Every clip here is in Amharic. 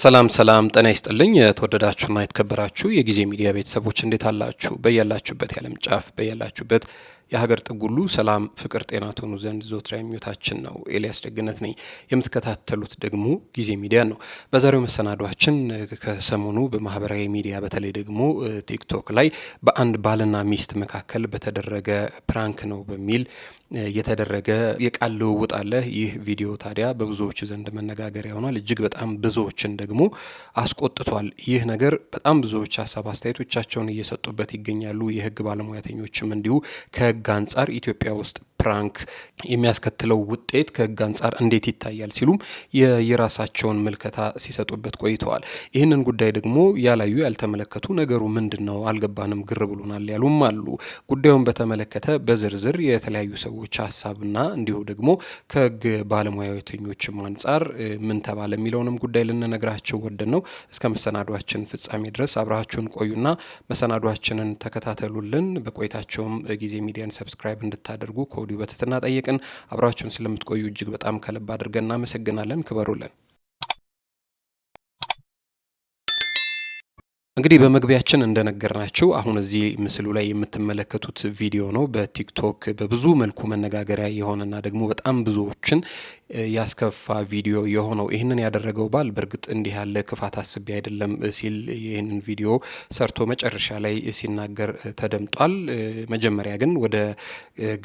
ሰላም ሰላም፣ ጤና ይስጥልኝ የተወደዳችሁና የተከበራችሁ የጊዜ ሚዲያ ቤተሰቦች እንዴት አላችሁ? በያላችሁበት የዓለም ጫፍ በያላችሁበት የሀገር ጥግ ሁሉ ሰላም፣ ፍቅር፣ ጤና ትሆኑ ዘንድ ዘወትር ምኞታችን ነው። ኤልያስ ደግነት ነኝ። የምትከታተሉት ደግሞ ጊዜ ሚዲያ ነው። በዛሬው መሰናዷችን ከሰሞኑ በማህበራዊ ሚዲያ በተለይ ደግሞ ቲክቶክ ላይ በአንድ ባልና ሚስት መካከል በተደረገ ፕራንክ ነው በሚል የተደረገ የቃል ልውውጥ አለ። ይህ ቪዲዮ ታዲያ በብዙዎች ዘንድ መነጋገሪያ ሆኗል። እጅግ በጣም ብዙዎችን ደግሞ አስቆጥቷል። ይህ ነገር በጣም ብዙዎች ሀሳብ አስተያየቶቻቸውን እየሰጡበት ይገኛሉ። የህግ ባለሙያተኞችም እንዲሁ ከህግ ሕግ አንጻር ኢትዮጵያ ውስጥ ፕራንክ የሚያስከትለው ውጤት ከህግ አንጻር እንዴት ይታያል ሲሉም የራሳቸውን ምልከታ ሲሰጡበት ቆይተዋል። ይህንን ጉዳይ ደግሞ ያላዩ ያልተመለከቱ ነገሩ ምንድን ነው አልገባንም፣ ግር ብሎናል ያሉም አሉ። ጉዳዩን በተመለከተ በዝርዝር የተለያዩ ሰዎች ሀሳብና እንዲሁ ደግሞ ከህግ ባለሙያተኞችም አንጻር ምን ተባለ የሚለውንም ጉዳይ ልንነግራቸው ወደን ነው። እስከ መሰናዷችን ፍጻሜ ድረስ አብራችሁን ቆዩና መሰናዷችንን ተከታተሉልን። በቆይታቸውም ጊዜ ሚዲያን ሰብስክራይብ እንድታደርጉ ከወዲሁ በትህትና ጠየቅን። አብራችሁን ስለምትቆዩ እጅግ በጣም ከልብ አድርገን እናመሰግናለን። ክበሩልን። እንግዲህ በመግቢያችን እንደነገርናችሁ አሁን እዚህ ምስሉ ላይ የምትመለከቱት ቪዲዮ ነው። በቲክቶክ በብዙ መልኩ መነጋገሪያ የሆነና ደግሞ በጣም ብዙዎችን ያስከፋ ቪዲዮ የሆነው ይህንን ያደረገው ባል በእርግጥ እንዲህ ያለ ክፋት አስቤ አይደለም ሲል ይህንን ቪዲዮ ሰርቶ መጨረሻ ላይ ሲናገር ተደምጧል። መጀመሪያ ግን ወደ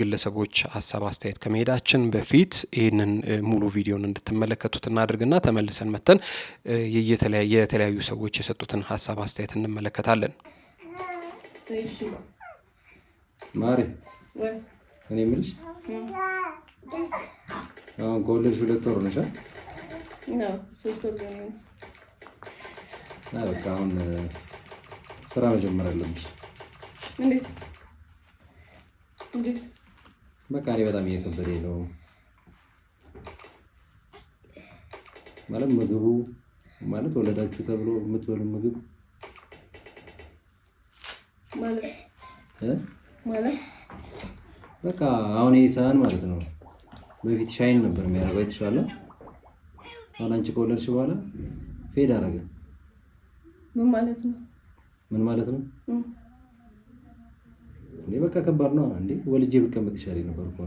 ግለሰቦች ሀሳብ አስተያየት ከመሄዳችን በፊት ይህንን ሙሉ ቪዲዮን እንድትመለከቱት እናድርግና ተመልሰን መተን የተለያዩ ሰዎች የሰጡትን ሀሳብ አስተያየት አስተያየት እንመለከታለን። ማሪ እኔ የምልሽ አሁን ከወለድሽ ሁለት ወር በቃ አሁን ስራ መጀመር አለብሽ። በቃ እኔ በጣም እየከበደኝ ነው ማለት ምግቡ ማለት ወለዳችሁ ተብሎ የምትበሉ ምግብ በቃ አሁን ይህ ሰሃን ማለት ነው። በፊት ሻይን ነበር የሚያደርገው የተሻለ። አሁን አንቺ ከወለድሽ በኋላ ፌድ አደረገ። ምን ማለት ነው? ምን ማለት ነው? እንዴ በቃ ከባድ ነው እንዴ። ወልጄ ብቀመጥ ይሻል ነበር እኮ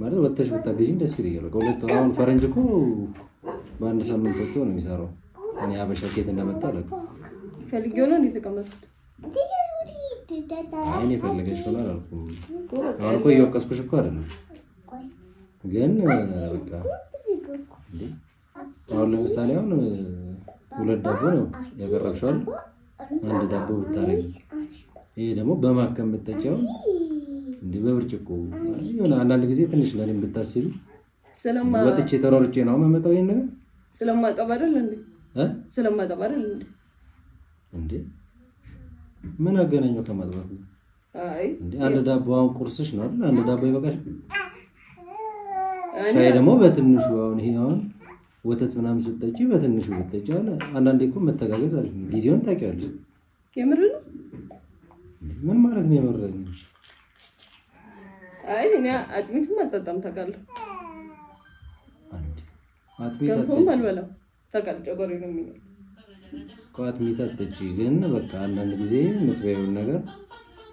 ማለት ወጥተሽ ብታገዥኝ ደስ ይለኛል። በቃ ሁለት አሁን ፈረንጅ እኮ በአንድ ሳምንት ወጥቶ ነው የሚሰራው። እኔ አበሻ ኬት እንደመጣ አለቀ። ፈልጌ ነው እንዴት ተቀመጥኩት? አይኔ ፈልገሽ አላልኩም። አሁን እኮ እየወቀስኩሽ እኮ አይደለም፣ ግን በቃ አሁን ለምሳሌ አሁን ሁለት ዳቦ ነው ያቀረብሽዋል። አንድ ዳቦ ብታረጊ፣ ይሄ ደግሞ በማከም ብትጠጪው በብርጭቆ አንዳንድ ጊዜ ትንሽ ለኔም ብታስቢ ወጥቼ ነው ይሄን ነገር እንዴ እንዴ እንዴ ምን አገናኘው ከማጥባት? አይ አንድ ዳቦ አሁን ቁርስሽ ነው አይደል? አንድ ዳቦ ይበቃሽ። ሻይ ደግሞ በትንሹ አሁን ይሄ አሁን ወተት ምናምን ስትጠጪ በትንሹ ብትጠጪ፣ አሁን አንዳንዴ እኮ መተጋገዝ አለ። ጊዜውን ታውቂዋለሽ። የምር ነው። ምን ማለት ነው የምር አይ እኔ አጥሚትም አልጠጣም ታውቃለህ። አጥሚት ገንፎም አልበላም ታውቃለህ። ጨጓራዬ ነው የሚለው ቋት ሚጠጥጪ ግን በቃ አንዳንድ ጊዜ የምትበይውን ነገር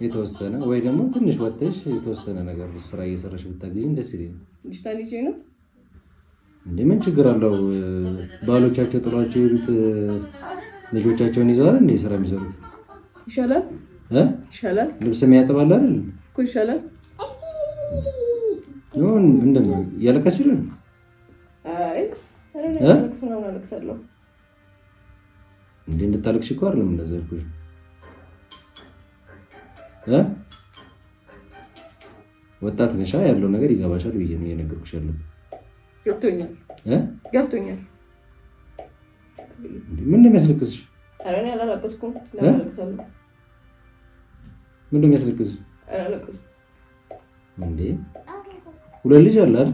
የተወሰነ ወይ ደግሞ ትንሽ ወጥተሽ የተወሰነ ነገር ስራ እየሰራሽ ብታገኝ ደስ ይለኛል። እንዴ ምን ችግር አለው? ባሎቻቸው ጥሏቸው የሄዱት ልጆቻቸውን ይዘዋል እንዴ ስራ የሚሰሩት ይሻላል ይሻላል። ልብስ የሚያጥባል አይደል እኮ ይሻላል። ምንድን ነው እያለቀስሽ ነው? እንዴ እንድታልቅሽ እኮ አይደለም እንደዛ ያልኩሽ እ ወጣት ነሻ ያለው ነገር ይገባሻል ብዬ ነው እየነገርኩሽ ያለው። ገብቶኛል እ ገብቶኛል ምን ለምን ምን ነው የሚያስለቅስሽ? እንዴ ሁለት ልጅ አለ አይደል?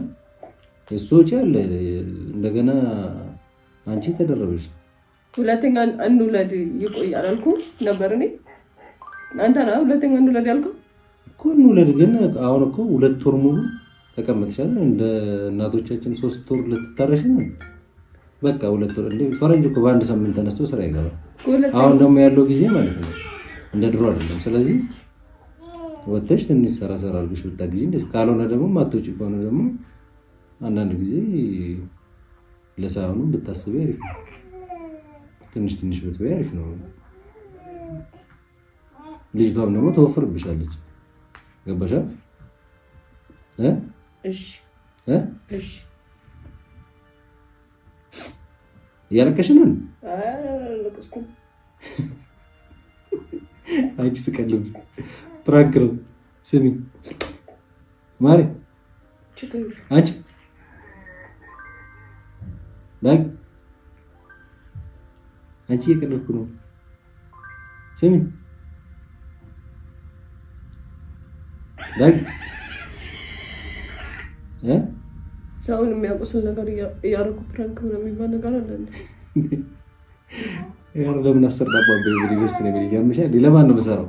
እሱ ወጪ አለ እንደገና አንቺ ተደረበሽ ሁለተኛ እንውለድ ይቆያል አልኩ ነበር እኔ አንተ ና ሁለተኛ እንውለድ ያልኩ እኮ እንውለድ። ግን አሁን እኮ ሁለት ወር ሙሉ ተቀምጥሻል። እንደ እናቶቻችን ሶስት ወር ልትታረሽ ነው። በቃ ሁለት ወር እንደ ፈረንጅ እኮ በአንድ ሳምንት ተነስቶ ስራ ይገባል። አሁን ደግሞ ያለው ጊዜ ማለት ነው እንደ ድሮ አይደለም። ስለዚህ ወጥተሽ ትንሽ ሰራ ሰራ አድርገሽ ብታግዢ፣ ካልሆነ ደግሞ ማቶች ከሆነ ደግሞ አንዳንድ ጊዜ ለሳሁኑ ብታስቢ አሪፍ ነው። ትንሽ ትንሽ ብትበይ አሪፍ ነው። ልጅቷም ደግሞ ተወፍርብሻለች። ገባሻ? እያለቀሽ ነን። አንቺ ስቀልብ ፕራንክ ነው። ስሚ ማሪ አንቺ አንቺ እየቀለድኩ ነው። ስሚ ሰውን የሚያውቁስል ነገር እያደረኩ ፕራንክ ምናምን የሚባል ነገር አለ። ለምን አሰራባ ስ ያምሻል። ለማን ነው የምሰራው?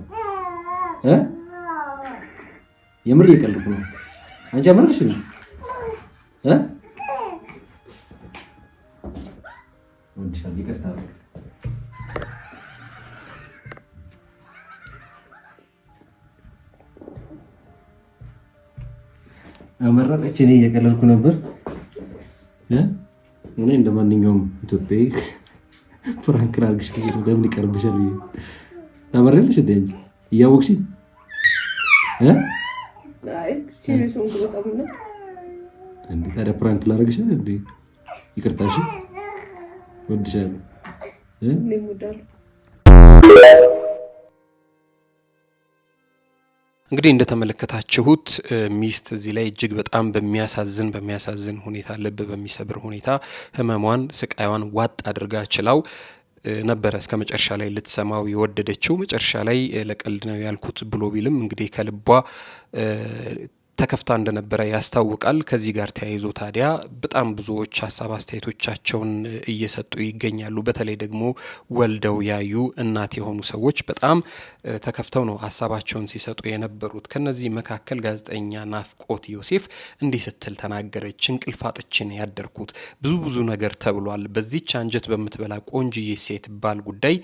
የምር እየቀለድኩ ነው። አንቺ አመረርሽ ነው አመረረች። እኔ እየቀለልኩ ነበር። እኔ እንደ ማንኛውም ኢትዮጵያዊ ፕራንክ ላድርግሽ ብዬሽ ነው። ለምን ይቀርብሻል? ታመሪያለሽ እንደ አንቺ እያወቅሽ እንደ ታዲያ ፕራንክ ላድርግሽ እንደ ይቅርታሽ ወድሻለሁ። እንግዲህ እንደተመለከታችሁት ሚስት እዚህ ላይ እጅግ በጣም በሚያሳዝን በሚያሳዝን ሁኔታ ልብ በሚሰብር ሁኔታ ህመሟን ስቃይዋን ዋጥ አድርጋ ችላው ነበረ እስከ መጨረሻ ላይ ልትሰማው የወደደችው። መጨረሻ ላይ ለቀልድ ነው ያልኩት ብሎ ቢልም እንግዲህ ከልቧ ተከፍታ እንደነበረ ያስታውቃል። ከዚህ ጋር ተያይዞ ታዲያ በጣም ብዙዎች ሀሳብ አስተያየቶቻቸውን እየሰጡ ይገኛሉ። በተለይ ደግሞ ወልደው ያዩ እናት የሆኑ ሰዎች በጣም ተከፍተው ነው ሀሳባቸውን ሲሰጡ የነበሩት። ከነዚህ መካከል ጋዜጠኛ ናፍቆት ዮሴፍ እንዲህ ስትል ተናገረች። እንቅልፍ ያደርኩት ብዙ ብዙ ነገር ተብሏል። በዚች አንጀት በምትበላ ቆንጅዬ ሴት ባል ጉዳይ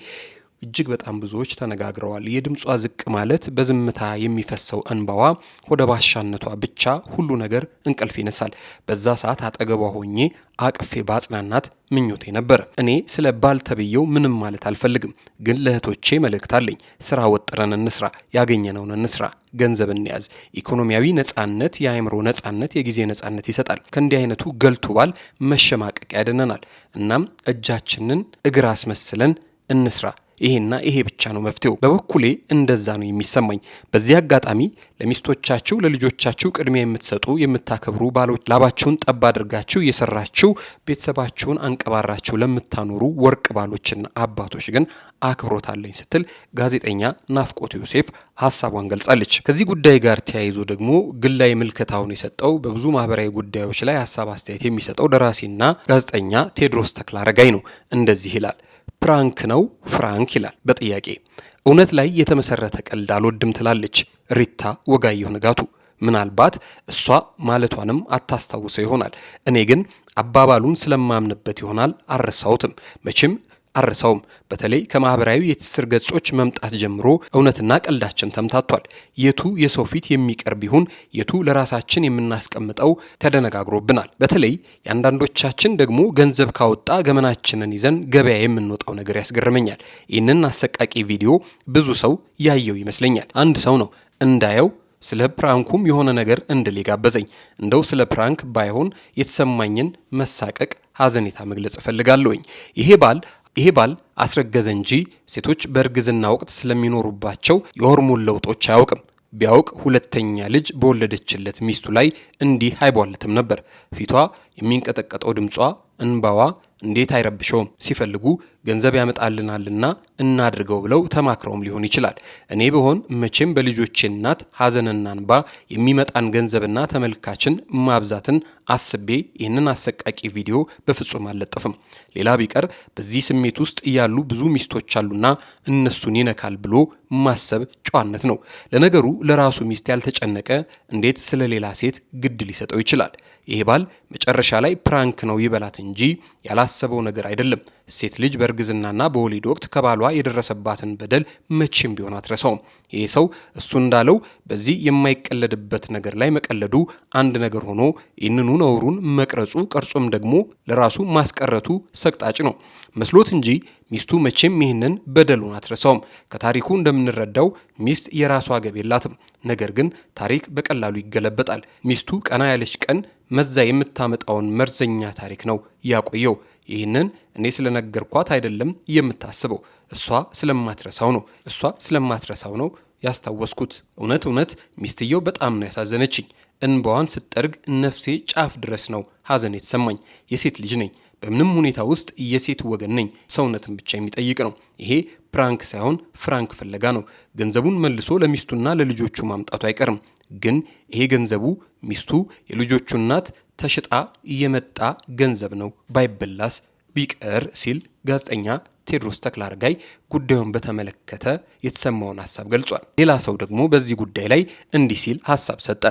እጅግ በጣም ብዙዎች ተነጋግረዋል። የድምጿ ዝቅ ማለት፣ በዝምታ የሚፈሰው እንባዋ፣ ወደ ባሻነቷ ብቻ ሁሉ ነገር እንቅልፍ ይነሳል። በዛ ሰዓት አጠገቧ ሆኜ አቅፌ ባጽናናት ምኞቴ ነበር። እኔ ስለ ባል ተብዬው ምንም ማለት አልፈልግም፣ ግን ለእህቶቼ መልእክት አለኝ። ስራ ወጥረን እንስራ፣ ያገኘነውን እንስራ፣ ገንዘብ እንያዝ። ኢኮኖሚያዊ ነጻነት፣ የአእምሮ ነጻነት፣ የጊዜ ነጻነት ይሰጣል። ከእንዲህ አይነቱ ገልቱ ባል መሸማቀቅ ያደነናል። እናም እጃችንን እግር አስመስለን እንስራ ይሄና ይሄ ብቻ ነው መፍትሄው። በበኩሌ እንደዛ ነው የሚሰማኝ። በዚህ አጋጣሚ ለሚስቶቻችሁ፣ ለልጆቻችሁ ቅድሚያ የምትሰጡ የምታከብሩ ባሎች ላባችሁን ጠብ አድርጋችሁ እየሰራችሁ ቤተሰባችሁን አንቀባራችሁ ለምታኖሩ ወርቅ ባሎችና አባቶች ግን አክብሮት አለኝ ስትል ጋዜጠኛ ናፍቆት ዮሴፍ ሀሳቧን ገልጻለች። ከዚህ ጉዳይ ጋር ተያይዞ ደግሞ ግላዊ ምልከታውን የሰጠው በብዙ ማህበራዊ ጉዳዮች ላይ ሀሳብ አስተያየት የሚሰጠው ደራሲና ጋዜጠኛ ቴዎድሮስ ተክለአረጋይ ነው። እንደዚህ ይላል። ፕራንክ ነው ፍራንክ ይላል በጥያቄ እውነት ላይ የተመሰረተ ቀልድ አልወድም ትላለች ሪታ ወጋየሁ ንጋቱ። ምናልባት እሷ ማለቷንም አታስታውሰው ይሆናል። እኔ ግን አባባሉን ስለማምንበት ይሆናል አልረሳውትም መቼም አርሰውም። በተለይ ከማህበራዊ የትስስር ገጾች መምጣት ጀምሮ እውነትና ቀልዳችን ተምታቷል። የቱ የሰው ፊት የሚቀርብ ይሁን የቱ ለራሳችን የምናስቀምጠው ተደነጋግሮብናል። በተለይ የአንዳንዶቻችን ደግሞ ገንዘብ ካወጣ ገመናችንን ይዘን ገበያ የምንወጣው ነገር ያስገርመኛል። ይህንን አሰቃቂ ቪዲዮ ብዙ ሰው ያየው ይመስለኛል። አንድ ሰው ነው እንዳየው ስለ ፕራንኩም የሆነ ነገር እንድል ጋበዘኝ። እንደው ስለ ፕራንክ ባይሆን የተሰማኝን መሳቀቅ ሀዘኔታ መግለጽ እፈልጋለሁኝ። ይሄ ባል ይሄ ባል አስረገዘ እንጂ ሴቶች በእርግዝና ወቅት ስለሚኖሩባቸው የሆርሞን ለውጦች አያውቅም። ቢያውቅ ሁለተኛ ልጅ በወለደችለት ሚስቱ ላይ እንዲህ አይቧልትም ነበር። ፊቷ፣ የሚንቀጠቀጠው ድምጿ፣ እንባዋ እንዴት አይረብሸውም? ሲፈልጉ ገንዘብ ያመጣልናልና እናድርገው ብለው ተማክረውም ሊሆን ይችላል። እኔ ብሆን መቼም በልጆቼ እናት ሐዘንና እንባ የሚመጣን ገንዘብና ተመልካችን ማብዛትን አስቤ ይህንን አሰቃቂ ቪዲዮ በፍጹም አልለጥፍም። ሌላ ቢቀር በዚህ ስሜት ውስጥ ያሉ ብዙ ሚስቶች አሉና እነሱን ይነካል ብሎ ማሰብ ጨዋነት ነው። ለነገሩ ለራሱ ሚስት ያልተጨነቀ እንዴት ስለ ሌላ ሴት ግድ ሊሰጠው ይችላል? ይሄ ባል መጨረሻ ላይ ፕራንክ ነው ይበላት እንጂ ያላሰበው ነገር አይደለም። ሴት ልጅ በእርግዝናና በወሊድ ወቅት ከባሏ የደረሰባትን በደል መቼም ቢሆን አትረሳውም። ይህ ሰው እሱ እንዳለው በዚህ የማይቀለድበት ነገር ላይ መቀለዱ አንድ ነገር ሆኖ ይህንኑ ነውሩን መቅረጹ ቀርጾም ደግሞ ለራሱ ማስቀረቱ ሰቅጣጭ ነው መስሎት እንጂ ሚስቱ መቼም ይህንን በደሉን አትረሳውም። ከታሪኩ እንደምንረዳው ሚስት የራሷ ገብ የላትም። ነገር ግን ታሪክ በቀላሉ ይገለበጣል። ሚስቱ ቀና ያለች ቀን መዛ የምታመጣውን መርዘኛ ታሪክ ነው ያቆየው። ይህንን እኔ ስለነገርኳት አይደለም የምታስበው፣ እሷ ስለማትረሳው ነው። እሷ ስለማትረሳው ነው ያስታወስኩት። እውነት እውነት ሚስትየው በጣም ነው ያሳዘነችኝ። እንባዋን ስጠርግ ነፍሴ ጫፍ ድረስ ነው ሐዘን የተሰማኝ። የሴት ልጅ ነኝ። በምንም ሁኔታ ውስጥ የሴት ወገን ነኝ። ሰውነትን ብቻ የሚጠይቅ ነው ይሄ። ፕራንክ ሳይሆን ፍራንክ ፍለጋ ነው። ገንዘቡን መልሶ ለሚስቱና ለልጆቹ ማምጣቱ አይቀርም። ግን ይሄ ገንዘቡ ሚስቱ የልጆቹ እናት ተሽጣ እየመጣ ገንዘብ ነው ባይበላስ ቢቀር ሲል ጋዜጠኛ ቴዎድሮስ ተክለአረጋይ ጉዳዩን በተመለከተ የተሰማውን ሀሳብ ገልጿል። ሌላ ሰው ደግሞ በዚህ ጉዳይ ላይ እንዲህ ሲል ሀሳብ ሰጠ።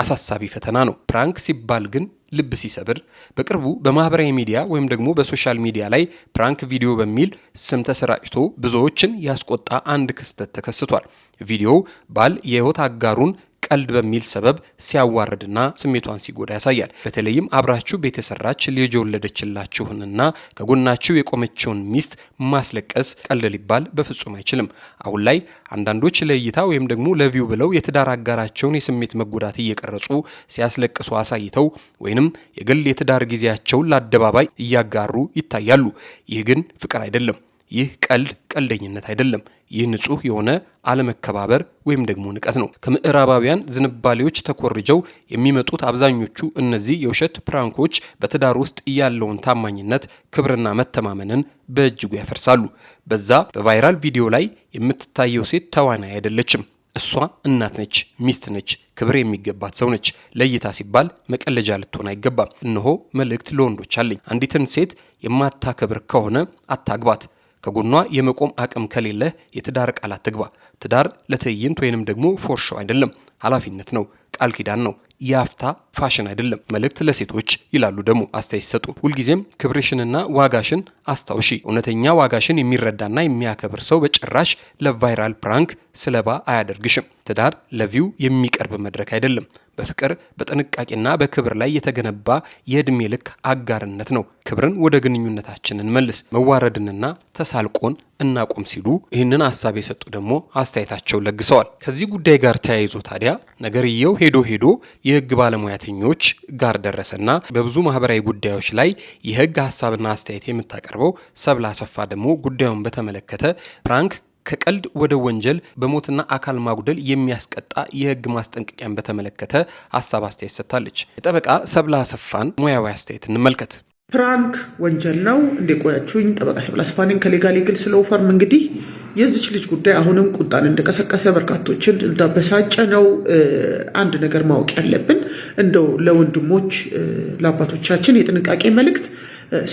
አሳሳቢ ፈተና ነው። ፕራንክ ሲባል ግን ልብ ሲሰብር በቅርቡ በማህበራዊ ሚዲያ ወይም ደግሞ በሶሻል ሚዲያ ላይ ፕራንክ ቪዲዮ በሚል ስም ተሰራጭቶ ብዙዎችን ያስቆጣ አንድ ክስተት ተከስቷል። ቪዲዮው ባል የህይወት አጋሩን ቀልድ በሚል ሰበብ ሲያዋርድና ስሜቷን ሲጎዳ ያሳያል። በተለይም አብራችሁ ቤት የሰራች ልጅ የወለደችላችሁንና ከጎናችሁ የቆመችውን ሚስት ማስለቀስ ቀልድ ሊባል በፍጹም አይችልም። አሁን ላይ አንዳንዶች ለእይታ ወይም ደግሞ ለቪው ብለው የትዳር አጋራቸውን የስሜት መጎዳት እየቀረጹ ሲያስለቅሱ አሳይተው ወይንም የግል የትዳር ጊዜያቸውን ለአደባባይ እያጋሩ ይታያሉ። ይህ ግን ፍቅር አይደለም። ይህ ቀልድ ቀልደኝነት አይደለም። ይህ ንጹህ የሆነ አለመከባበር ወይም ደግሞ ንቀት ነው። ከምዕራባውያን ዝንባሌዎች ተኮርጀው የሚመጡት አብዛኞቹ እነዚህ የውሸት ፕራንኮች በትዳር ውስጥ ያለውን ታማኝነት፣ ክብርና መተማመንን በእጅጉ ያፈርሳሉ። በዛ በቫይራል ቪዲዮ ላይ የምትታየው ሴት ተዋናይ አይደለችም። እሷ እናት ነች፣ ሚስት ነች፣ ክብር የሚገባት ሰው ነች። ለእይታ ሲባል መቀለጃ ልትሆን አይገባም። እነሆ መልእክት ለወንዶች አለኝ። አንዲትን ሴት የማታከብር ከሆነ አታግባት። ከጎኗ የመቆም አቅም ከሌለ የትዳር ቃል አትግባ። ትዳር ለትዕይንት ወይንም ደግሞ ፎርሾ አይደለም፣ ኃላፊነት ነው። ቃል ኪዳን ነው። የአፍታ ፋሽን አይደለም። መልእክት ለሴቶች ይላሉ ደግሞ አስተያየት ሲሰጡ፣ ሁልጊዜም ክብርሽንና ዋጋሽን አስታውሺ። እውነተኛ ዋጋሽን የሚረዳና የሚያከብር ሰው በጭራሽ ለቫይራል ፕራንክ ስለባ አያደርግሽም። ትዳር ለቪው የሚቀርብ መድረክ አይደለም። በፍቅር በጥንቃቄና በክብር ላይ የተገነባ የዕድሜ ልክ አጋርነት ነው። ክብርን ወደ ግንኙነታችን እንመልስ። መዋረድንና ተሳልቆን እናቁም ሲሉ ይህንን ሀሳብ የሰጡ ደግሞ አስተያየታቸውን ለግሰዋል። ከዚህ ጉዳይ ጋር ተያይዞ ታዲያ ነገርየው ሄዶ ሄዶ የህግ ባለሙያተኞች ጋር ደረሰና በብዙ ማህበራዊ ጉዳዮች ላይ የህግ ሀሳብና አስተያየት የምታቀርበው ሰብለ አሰፋ ደግሞ ጉዳዩን በተመለከተ ፍራንክ ከቀልድ ወደ ወንጀል በሞትና አካል ማጉደል የሚያስቀጣ የህግ ማስጠንቀቂያን በተመለከተ ሀሳብ አስተያየት ሰጥታለች። ጠበቃ ሰብለ አሰፋን ሙያዊ አስተያየት እንመልከት። ፕራንክ ወንጀል ነው። እንደቆያችሁኝ ጠበቃሽ ብላስፋ ነኝ ከሌጋል ስለ ኦፈርም እንግዲህ የዚች ልጅ ጉዳይ አሁንም ቁጣን እንደቀሰቀሰ በርካቶችን እንዳበሳጨ ነው። አንድ ነገር ማወቅ ያለብን እንደው ለወንድሞች ለአባቶቻችን የጥንቃቄ መልእክት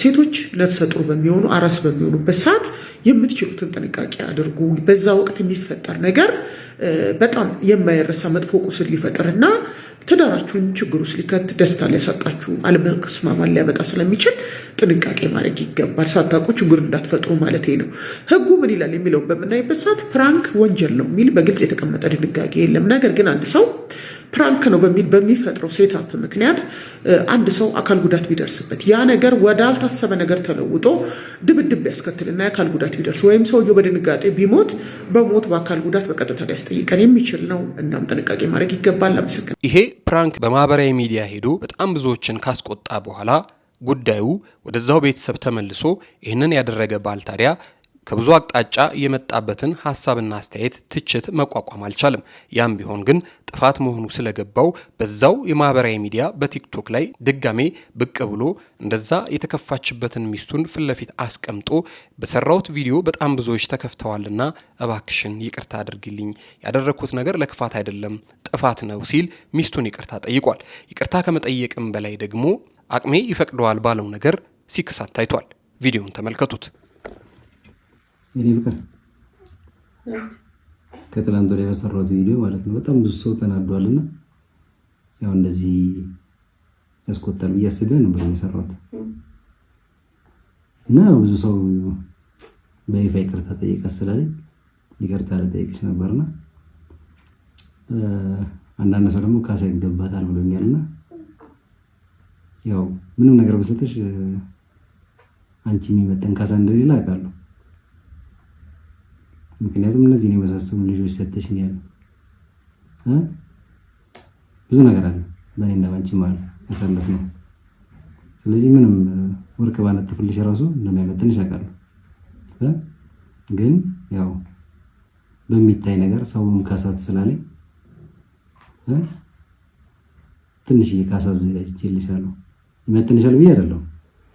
ሴቶች ነፍሰ ጡር በሚሆኑ አራስ በሚሆኑበት ሰዓት የምትችሉትን ጥንቃቄ አድርጉ። በዛ ወቅት የሚፈጠር ነገር በጣም የማይረሳ መጥፎ ቁስል ሊፈጥርና ትዳራችሁን ችግር ውስጥ ሊከት ደስታ ሊያሳጣችሁ አለመስማማት ሊያመጣ ስለሚችል ጥንቃቄ ማድረግ ይገባል። ሳታውቁ ችግር እንዳትፈጥሩ ማለት ነው። ህጉ ምን ይላል የሚለውን በምናይበት ሰዓት ፕራንክ ወንጀል ነው የሚል በግልጽ የተቀመጠ ድንጋጌ የለም። ነገር ግን አንድ ሰው ፕራንክ ነው በሚል በሚፈጥረው ሴታፕ ምክንያት አንድ ሰው አካል ጉዳት ቢደርስበት ያ ነገር ወደ አልታሰበ ነገር ተለውጦ ድብድብ ቢያስከትልና የአካል ጉዳት ቢደርስ ወይም ሰውየው በድንጋጤ ቢሞት በሞት በአካል ጉዳት በቀጥታ ሊያስጠይቀን የሚችል ነው። እናም ጥንቃቄ ማድረግ ይገባል። አመሰግናለሁ። ይሄ ፕራንክ በማህበራዊ ሚዲያ ሄዶ በጣም ብዙዎችን ካስቆጣ በኋላ ጉዳዩ ወደዛው ቤተሰብ ተመልሶ ይህንን ያደረገ ባል ታዲያ ከብዙ አቅጣጫ የመጣበትን ሀሳብና አስተያየት ትችት መቋቋም አልቻለም። ያም ቢሆን ግን ጥፋት መሆኑ ስለገባው በዛው የማህበራዊ ሚዲያ በቲክቶክ ላይ ድጋሜ ብቅ ብሎ እንደዛ የተከፋችበትን ሚስቱን ፊትለፊት አስቀምጦ በሰራሁት ቪዲዮ በጣም ብዙዎች ተከፍተዋልና እባክሽን ይቅርታ አድርግልኝ፣ ያደረግኩት ነገር ለክፋት አይደለም ጥፋት ነው ሲል ሚስቱን ይቅርታ ጠይቋል። ይቅርታ ከመጠየቅም በላይ ደግሞ አቅሜ ይፈቅደዋል ባለው ነገር ሲክሳት ታይቷል። ቪዲዮን ተመልከቱት። የኔ ፍቅር ከትላንት ወዲያ በሰራሁት ቪዲዮ ማለት ነው በጣም ብዙ ሰው ተናዷልና ያው እንደዚህ ያስቆጣል ብዬ አስቤ ነበር የሰራሁት እና ብዙ ሰው በይፋ ይቅርታ ጠይቀ ስላለኝ ይቅርታ ልጠይቅሽ ነበርና አንዳንድ ሰው ደግሞ ካሳ ይገባታል ብሎኛልና ያው ምንም ነገር በሰጠሽ አንቺ የሚመጠን ካሳ እንደሌላ አውቃለሁ። ምክንያቱም እነዚህን የመሳሰሉ ልጆች ነው ያለ ብዙ ነገር አለ በእኔና ባንቺ ማለት ያሳለፍ ነው። ስለዚህ ምንም ወርቅ ባነጥፍልሽ ራሱ እንደማይመጥንሽ አውቃለሁ። ግን ያው በሚታይ ነገር ሰውም ካሳት ስላለኝ ትንሽዬ ካሳ አዘጋጅቼልሻለሁ። ይመጥንሻል ብዬ አይደለም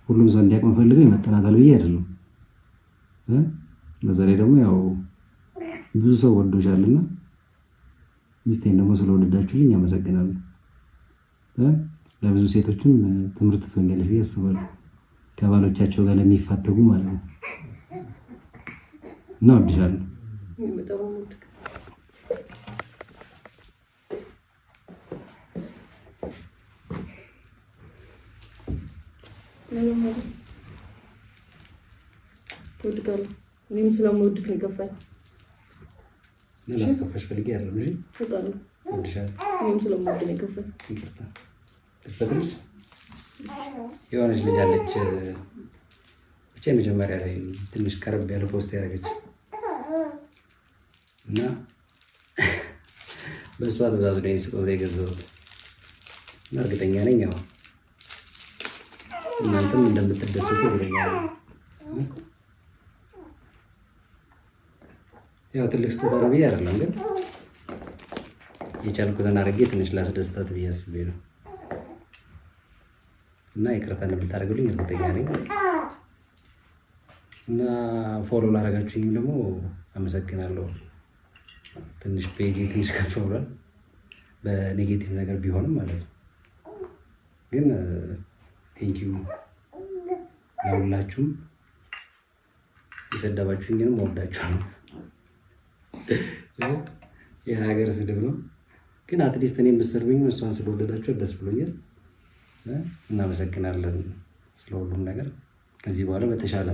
ሁሉም ሰው እንዲያውቅ መፈልገው ይመጥናታል ብዬ አይደለም። በዛ ላይ ደግሞ ያው ብዙ ሰው ወዶሻልና ሚስቴን ደግሞ ስለወደዳችሁልኝ ያመሰግናሉ። ለብዙ ሴቶችም ትምህርት ትሆኛለሽ ብዬ አስባለሁ። ከባሎቻቸው ጋር ለሚፋተጉ ማለት ነው እና ወድሻለሁ። ወድቃለሁ። እኔም ስለምወድክ ነው የገባኝ። ላስከፋሽ ፈልጌ የሆነች ልጅ አለች ብቻ የመጀመሪያ ላይ ትንሽ ቀረብ ያለ ፖስት ያደረገች እና በእሷ ትእዛዝ ነው ስጦታ የገዛሁት እና እርግጠኛ ነኝ ያው እናንተም እንደምትደሰቱ እርግጠኛ ነው። ያው ትልቅ ስጦታ ነው ብዬ አይደለም፣ ግን የቻልኩትን አድርጌ ትንሽ ላስደስታት ብዬ አስቤ ነው እና ይቅርታ እንደምታደርግልኝ እርግጠኛ ነኝ። እና ፎሎ ላደረጋችሁኝም ደግሞ አመሰግናለሁ። ትንሽ ፔጅ ትንሽ ከፍ ብሏል፣ በኔጌቲቭ ነገር ቢሆንም ማለት ነው። ግን ቴንኪዩ ለሁላችሁም የሰደባችሁኝንም ወዳችሁ ነው። የሀገር ስድብ ነው፣ ግን አትሊስት እኔ የምትሰርቡኝ እሷን ስለወደዳቸው ደስ ብሎኛል። እናመሰግናለን ስለሁሉም ነገር። ከዚህ በኋላ በተሻለ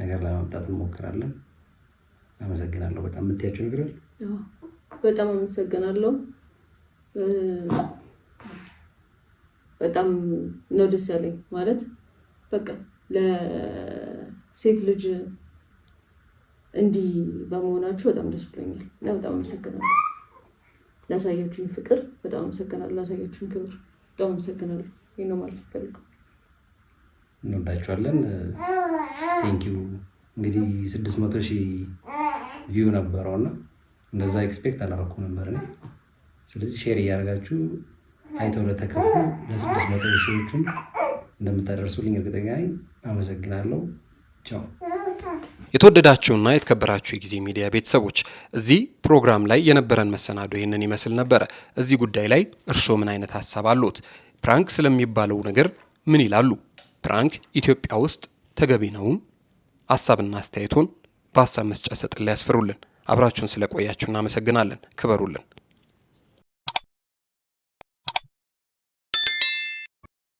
ነገር ለማምጣት እንሞክራለን። አመሰግናለሁ። በጣም የምትያቸው ነገር አለ። በጣም አመሰግናለሁ። በጣም ነው ደስ ያለኝ ማለት በቃ ለሴት ልጅ እንዲህ በመሆናችሁ በጣም ደስ ብሎኛል እና በጣም አመሰግናለሁ። ላሳያችሁኝ ፍቅር በጣም አመሰግናለሁ። ላሳያችሁኝ ክብር በጣም አመሰግናለሁ። ይህ ነው ማለት ይፈልጋል። እንወዳችኋለን። ቴንኪዩ። እንግዲህ ስድስት መቶ ሺህ ቪው ነበረው እና እንደዛ ኤክስፔክት አላረኩም ነበር እኔ። ስለዚህ ሼር እያደረጋችሁ አይተው ለተከፉ ለስድስት መቶ ሺዎቹም እንደምታደርሱልኝ እርግጠኛ ነኝ። አመሰግናለሁ። ቻው የተወደዳችሁና የተከበራችሁ የጊዜ ሚዲያ ቤተሰቦች እዚህ ፕሮግራም ላይ የነበረን መሰናዶ ይህንን ይመስል ነበረ። እዚህ ጉዳይ ላይ እርስዎ ምን አይነት ሀሳብ አሉት? ፕራንክ ስለሚባለው ነገር ምን ይላሉ? ፕራንክ ኢትዮጵያ ውስጥ ተገቢ ነውን ሀሳብና አስተያየቶን በሀሳብ መስጫ ሰጥን ላይ ያስፈሩልን። አብራችሁን ስለቆያችሁ እናመሰግናለን። ክበሩልን።